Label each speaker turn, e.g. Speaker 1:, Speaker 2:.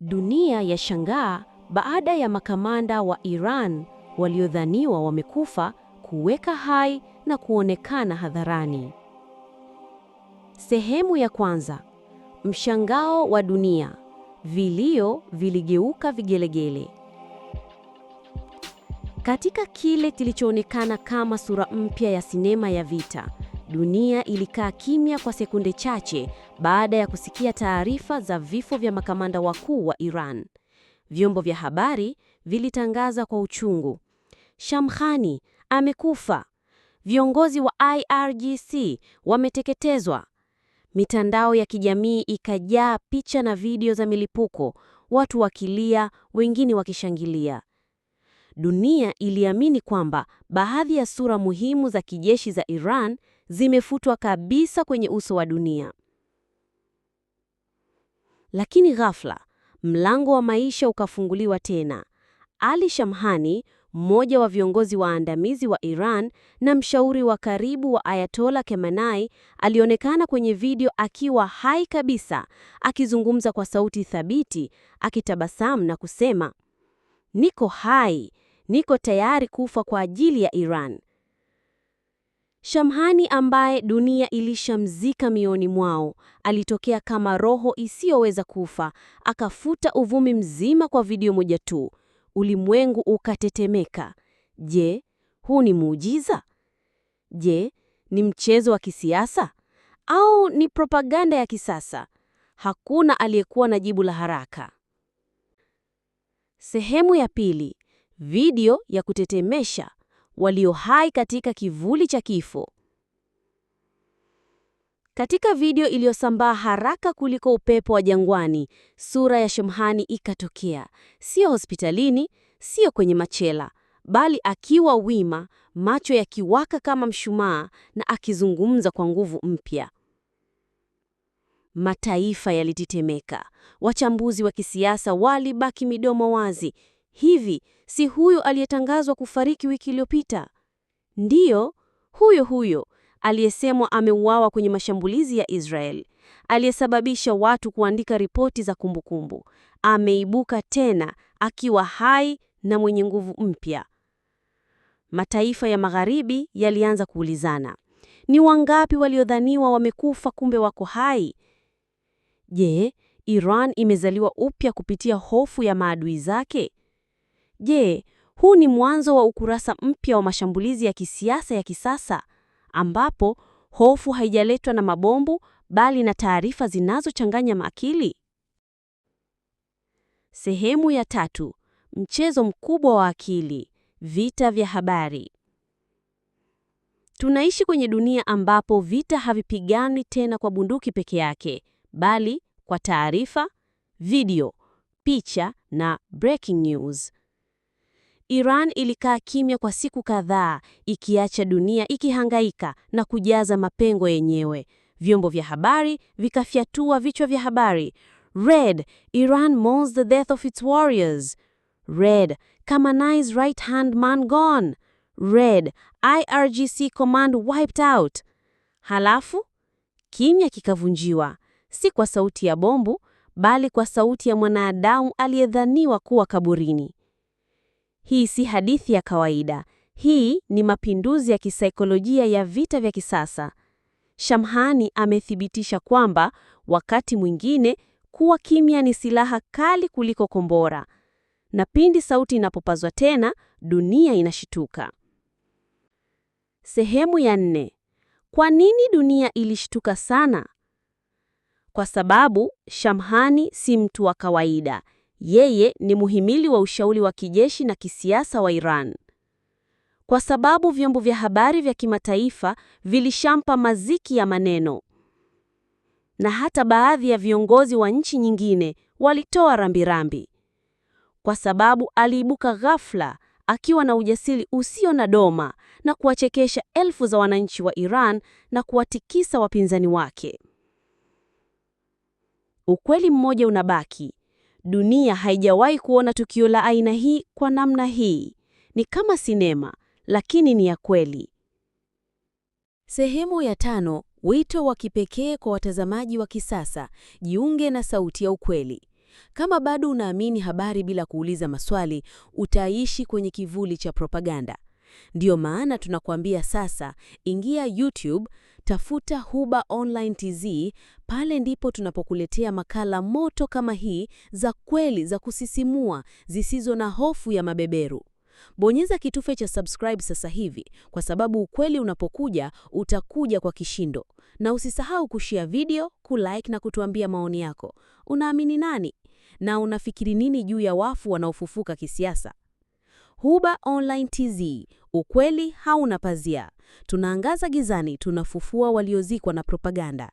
Speaker 1: Dunia yashangaa baada ya makamanda wa Iran waliodhaniwa wamekufa kuweka hai na kuonekana hadharani. Sehemu ya kwanza. Mshangao wa dunia. Vilio viligeuka vigelegele. Katika kile kilichoonekana kama sura mpya ya sinema ya vita, Dunia ilikaa kimya kwa sekunde chache baada ya kusikia taarifa za vifo vya makamanda wakuu wa Iran. Vyombo vya habari vilitangaza kwa uchungu, Shamkhani amekufa, viongozi wa IRGC wameteketezwa. Mitandao ya kijamii ikajaa picha na video za milipuko, watu wakilia, wengine wakishangilia. Dunia iliamini kwamba baadhi ya sura muhimu za kijeshi za Iran zimefutwa kabisa kwenye uso wa dunia. Lakini ghafla mlango wa maisha ukafunguliwa tena. Ali Shamhani, mmoja wa viongozi waandamizi wa Iran na mshauri wa karibu wa Ayatola Kemanai, alionekana kwenye video akiwa hai kabisa, akizungumza kwa sauti thabiti, akitabasamu na kusema, niko hai, niko tayari kufa kwa ajili ya Iran. Shamhani ambaye dunia ilishamzika mioni mwao, alitokea kama roho isiyoweza kufa, akafuta uvumi mzima kwa video moja tu. Ulimwengu ukatetemeka. Je, huu ni muujiza? Je, ni mchezo wa kisiasa au ni propaganda ya kisasa? Hakuna aliyekuwa na jibu la haraka. Sehemu ya pili: video ya kutetemesha walio hai katika kivuli cha kifo. Katika video iliyosambaa haraka kuliko upepo wa jangwani, sura ya Shemhani ikatokea, sio hospitalini, sio kwenye machela, bali akiwa wima, macho yakiwaka kama mshumaa, na akizungumza kwa nguvu mpya. Mataifa yalitetemeka, wachambuzi wa kisiasa walibaki midomo wazi. Hivi si huyo aliyetangazwa kufariki wiki iliyopita? Ndiyo, huyo huyo aliyesemwa ameuawa kwenye mashambulizi ya Israel, aliyesababisha watu kuandika ripoti za kumbukumbu. Ameibuka tena akiwa hai na mwenye nguvu mpya. Mataifa ya Magharibi yalianza kuulizana, ni wangapi waliodhaniwa wamekufa kumbe wako hai? Je, Iran imezaliwa upya kupitia hofu ya maadui zake? Je, huu ni mwanzo wa ukurasa mpya wa mashambulizi ya kisiasa ya kisasa ambapo hofu haijaletwa na mabomu bali na taarifa zinazochanganya maakili? Sehemu ya tatu: mchezo mkubwa wa akili, vita vya habari. Tunaishi kwenye dunia ambapo vita havipigani tena kwa bunduki peke yake, bali kwa taarifa, video, picha na breaking news. Iran ilikaa kimya kwa siku kadhaa, ikiacha dunia ikihangaika na kujaza mapengo yenyewe. Vyombo vya habari vikafyatua vichwa vya habari: Red, Iran mourns the death of its warriors. Red, Khamenei's right hand man gone. Red, IRGC command wiped out. Halafu kimya kikavunjiwa, si kwa sauti ya bombu, bali kwa sauti ya mwanadamu aliyedhaniwa kuwa kaburini. Hii si hadithi ya kawaida. Hii ni mapinduzi ya kisaikolojia ya vita vya kisasa. Shamhani amethibitisha kwamba wakati mwingine kuwa kimya ni silaha kali kuliko kombora. Na pindi sauti inapopazwa tena, dunia inashituka. Sehemu ya nne. Kwa nini dunia ilishtuka sana? Kwa sababu Shamhani si mtu wa kawaida. Yeye ni muhimili wa ushauri wa kijeshi na kisiasa wa Iran. Kwa sababu vyombo vya habari vya kimataifa vilishampa maziki ya maneno, na hata baadhi ya viongozi wa nchi nyingine walitoa rambirambi, kwa sababu aliibuka ghafla akiwa na ujasiri usio na doma na kuwachekesha elfu za wananchi wa Iran na kuwatikisa wapinzani wake. Ukweli mmoja unabaki: Dunia haijawahi kuona tukio la aina hii kwa namna hii. Ni kama sinema, lakini ni ya kweli. Sehemu ya tano: wito wa kipekee kwa watazamaji wa kisasa. Jiunge na sauti ya ukweli. Kama bado unaamini habari bila kuuliza maswali, utaishi kwenye kivuli cha propaganda. Ndiyo maana tunakuambia sasa, ingia YouTube, Tafuta Huba Online TZ, pale ndipo tunapokuletea makala moto kama hii za kweli za kusisimua zisizo na hofu ya mabeberu. Bonyeza kitufe cha subscribe sasa hivi kwa sababu ukweli unapokuja utakuja kwa kishindo. Na usisahau kushia video, kulike na kutuambia maoni yako. Unaamini nani? Na unafikiri nini juu ya wafu wanaofufuka kisiasa? Huba Online TZ, Ukweli hauna pazia. Tunaangaza gizani, tunafufua waliozikwa na propaganda.